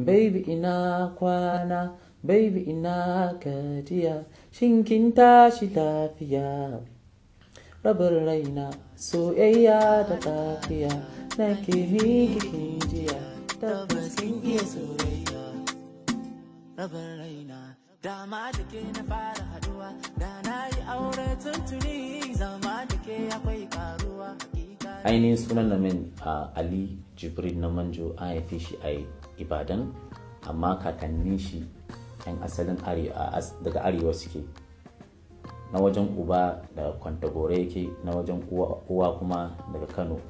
Mm. Baby ina kwana, baby ina gajiya, shin kin tashi lafiya. Rabin raina, soyayya da tafiya, na ke miki tabbas kin iya soyayya. Rabin raina, dama da ke na fara haduwa, da na yi aure tuntuni, zama da ke akwai karuwa. ainihin sunan namin ali jibril na manjo an haife shi a ibadan amma kakannin shi yan asalin daga arewa suke na wajen uba daga kwantagore yake na wajen uwa kuma daga kano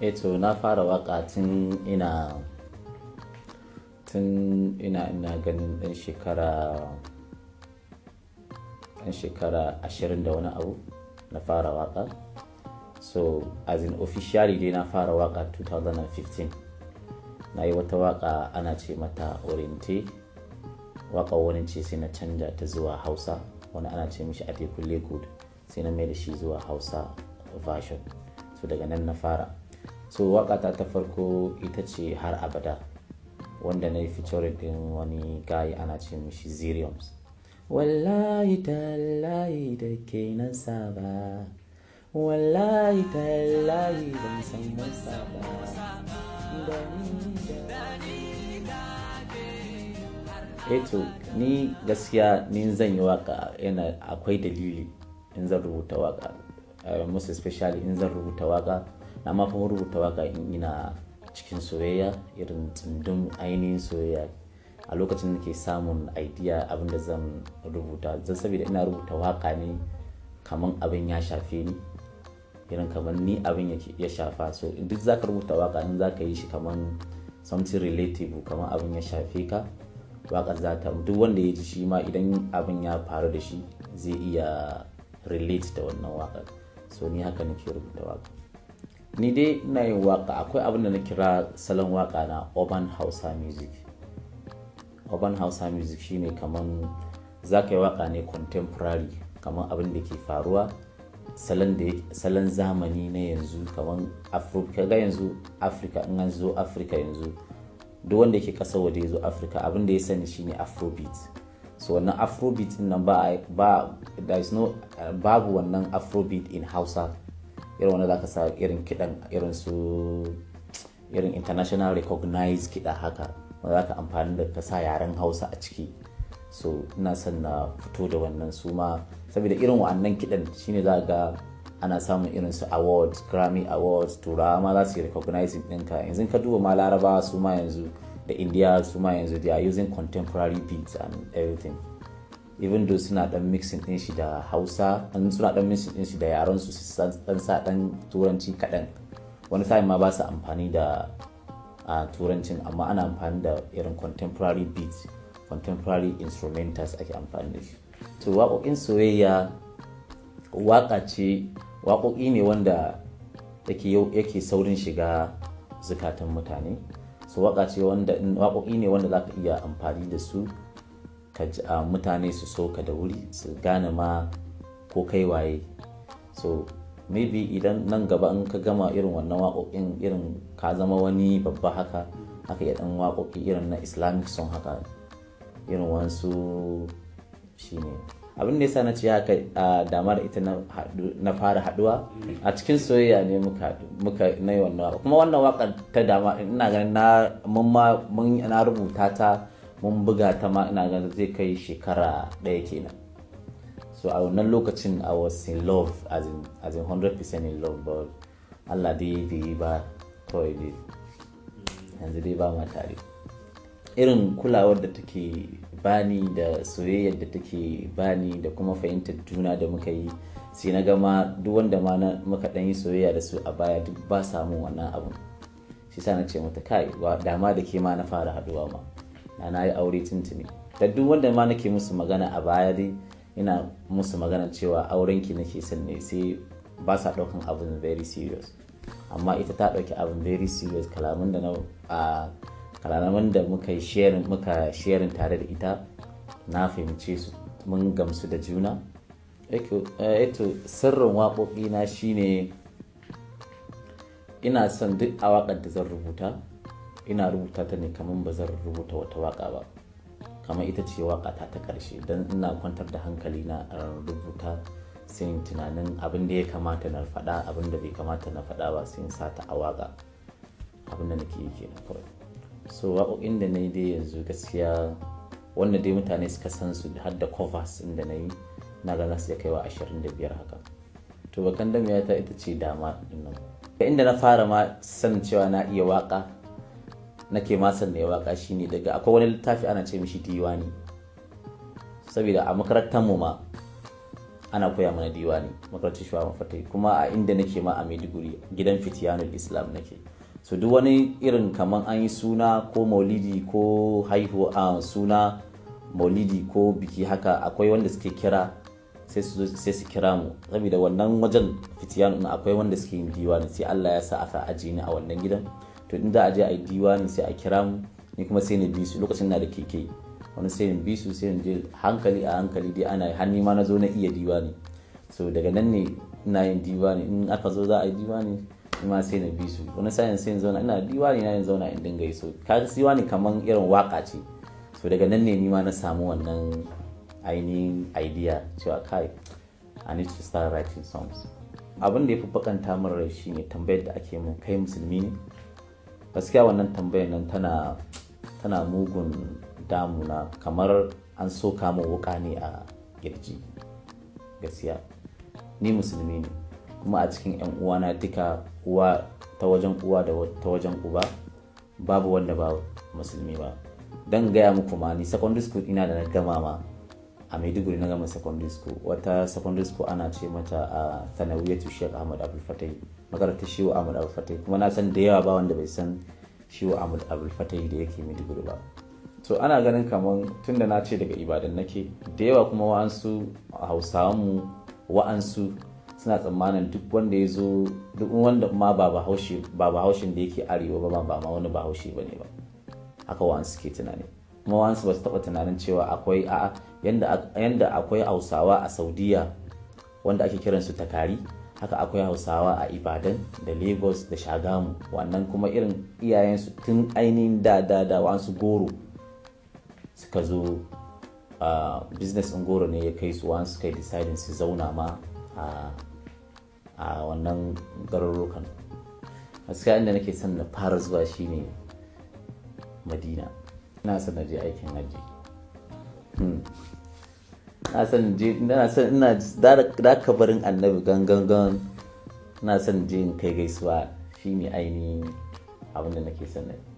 eto eh na fara waka tun ina tun ina ina ganin dan shekara dan shekara ashirin da wani abu na fara waka so as in officially dai na fara waka 2015 na yi wata waka ana ce mata orinti waka wani ce sai na canja ta zuwa hausa wani ana ce mishi tekun lekud sai na mai da shi zuwa hausa version so daga nan na fara so waƙata ta farko ita ce har abada wanda na yi featuring din wani gayi ana ce mishi ziriums wallahi tallahi da ke nan saba wallahi tallahi ban san ba eto eh ni gaskiya ni zan yi waka yana akwai dalili in zan rubuta waka eh, musu especially in zan rubuta waka na mafi rubuta waka in ina cikin soyayya irin tsundun ainihin soyayya a lokacin da ke samun idea da zan rubuta zan saboda ina rubuta waka ne kamar abin ya shafe ni irin kamar ni abin ya shafa so duk za ka rubuta waka nan za ka yi shi kamar something relative kamar abin ya shafe ka wakar za ta duk wanda ya ji shi ma idan abin ya faru da shi zai iya relate da wannan wakar so ni haka nake rubuta waka ni dai ina yin waka akwai abin da na kira salon waka na urban hausa music urban hausa music shine kamar za ka yi waka ne contemporary kamar abin da ke faruwa salon zamani na yanzu kamar afirka ga yanzu afirka in an zo afirka yanzu duk wanda yake kasar waje ya zo afirka abin ya sani shine afrobeat so wannan afrobeat nan ba ba there is no babu wannan afrobeat in hausa irin wanda zaka sa irin kidan irin su irin international recognized kida haka wanda zaka amfani da ka sa yaren hausa a ciki so ina son na fito da wannan suma, ma saboda irin wa'annan kiɗan shine za ga ana samun irin su awards grammy awards turawa ma za su yi recognizing ɗinka yanzu ka duba ma larabawa su ma yanzu da india su ma yanzu they are using contemporary beats and everything even though suna dan mixing din shi da hausa an suna dan mixing din shi da yaran su dan sa dan turanci kaɗan wani sa'in ma ba su amfani da ah, turancin amma ana amfani da irin contemporary beats contemporary instrumentals ake amfani da shi to waƙoƙin soyayya waƙa ce waƙoƙi ne wanda yake saurin shiga zukatan mutane su waƙa ce wanda waƙoƙi ne wanda za ka iya amfani da su ka ji ah, mutane su so ka da wuri su gane ma ko kai waye so maybe idan nan gaba in ka gama irin wannan waƙoƙin irin ka zama wani babba haka haka yi ɗan waƙoƙi irin na islamic song haka irin wansu shine abin da sa na ce haka a damar ita na fara haduwa a cikin soyayya ne muka na yi wannan waka kuma wannan wakar ta dama ina ganin na mun ma mun na rubuta ta mun buga ta ma ina ganin zai kai shekara ɗaya kenan so a wannan lokacin i was in love as in, as in 100% in love but Allah dai bai ba kawai dai yanzu dai ba ma tare irin kulawar da take bani da soyayyar da take bani da kuma fahimtar juna da muka yi sai na gama duk wanda ma na muka ɗan yi soyayya da su a baya duk ba samun wannan abun shi sa na ce mata kai dama da ke ma na fara haduwa ma na na yi aure tuntuni da duk wanda ma nake musu magana a baya dai ina musu magana cewa aurenki nake son ne sai ba sa ɗaukan abun very serious amma ita ta ɗauki abun very serious kalamun da na ranar da muka yi sharing muka shirin tare da ita na fahimce su mun gamsu da juna eto eh, sirrin waƙoƙi na shine ina son duk a waƙar da zan rubuta ina rubuta ta ne kamar ba zan rubuta wata waƙa ba kamar ita ce waƙa ta ta ƙarshe don ina kwantar da hankali na rubuta yin tunanin abin da ya kamata na faɗa abin da bai kamata na faɗa ba yin sata a waƙa abin da nake yi kenan kawai so waƙoƙin da na yi dai yanzu gaskiya wanda dai mutane suka san su har da covers inda na yi na gana su ya kai wa 25 haka to bakan ya ta ita ce dama dinnan inda na fara ma san cewa na iya waka nake ma san ya waka shine daga akwai wani littafi ana ce mishi diwani saboda a makarantar mu ma ana koya mana diwani makarantar shuwa mafatai kuma a inda nake ma a maiduguri gidan fitiyanul islam nake so duk wani irin kamar an yi suna ko maulidi ko haihuwa suna maulidi ko biki haka akwai wanda suke kira sai su kira mu saboda wannan wajen fitiyan, na akwai wanda suke yin diwani sai Allah ya sa aka aji ni a wannan gidan to inda aje a yi diwani sai a kira mu ni kuma sai na bi su lokacin na da keke wani sai na bi su sai na je hankali a hankali dai ana hannu ma na zo na iya diwani so daga nan ne ina yin diwani in aka zo za a yi diwani ma sai na bi su wani sa'in sai zauna ina ne na yin zauna in dinga yi so siwa ne kamar irin waka ce so daga nan ne ni ma na samu wannan ainihin idea cewa kai i need to start writing songs abin da ya fi bakanta min rai shine tambayar da ake mun kai musulmi ne gaskiya wannan tambayar nan tana tana mugun damuna kamar an soka mu wuka ne a kirji gaskiya ni musulmi ne kuma a cikin 'yan uwana duka uwa ta wajen uwa da ta wajen uba babu wanda ba musulmi ba don gaya muku ma ni secondary school ina da na gama ma a maiduguri na gama secondary school wata secondary school ana ce mata a sanawiyatu shek ahmad abulfatai makarantar shiwu ahmad abulfatai kuma na san da yawa ba wanda bai san shiwu ahmad abulfatai da yake maiduguri ba to ana ganin kamar tun da na ce daga ibadan nake da yawa kuma wa'ansu hausawanmu wa'ansu suna tsammanin duk wanda ya zo duk wanda ma ba bahaushe ba bahaushen da yake arewa ba ba ma wani bahaushe ba ne ba haka wa'an suke tunani kuma su ba su taɓa tunanin cewa akwai a yanda akwai hausawa a saudiya wanda ake kiran su takari haka akwai hausawa a ibadan da lagos da shagamu wannan kuma irin iyayensu tun ainihin da da da su goro suka zo ah, business in goro ne ya kai su su kai deciding su zauna ma a wannan garurukan gaskiya inda nake son na fara zuwa shine madina ina son na je aikin hajji hmm. na san je ina son, ina da kabarin annabi gangan gan na san je in kai gaisuwa shine ainihin abin da nake son na yi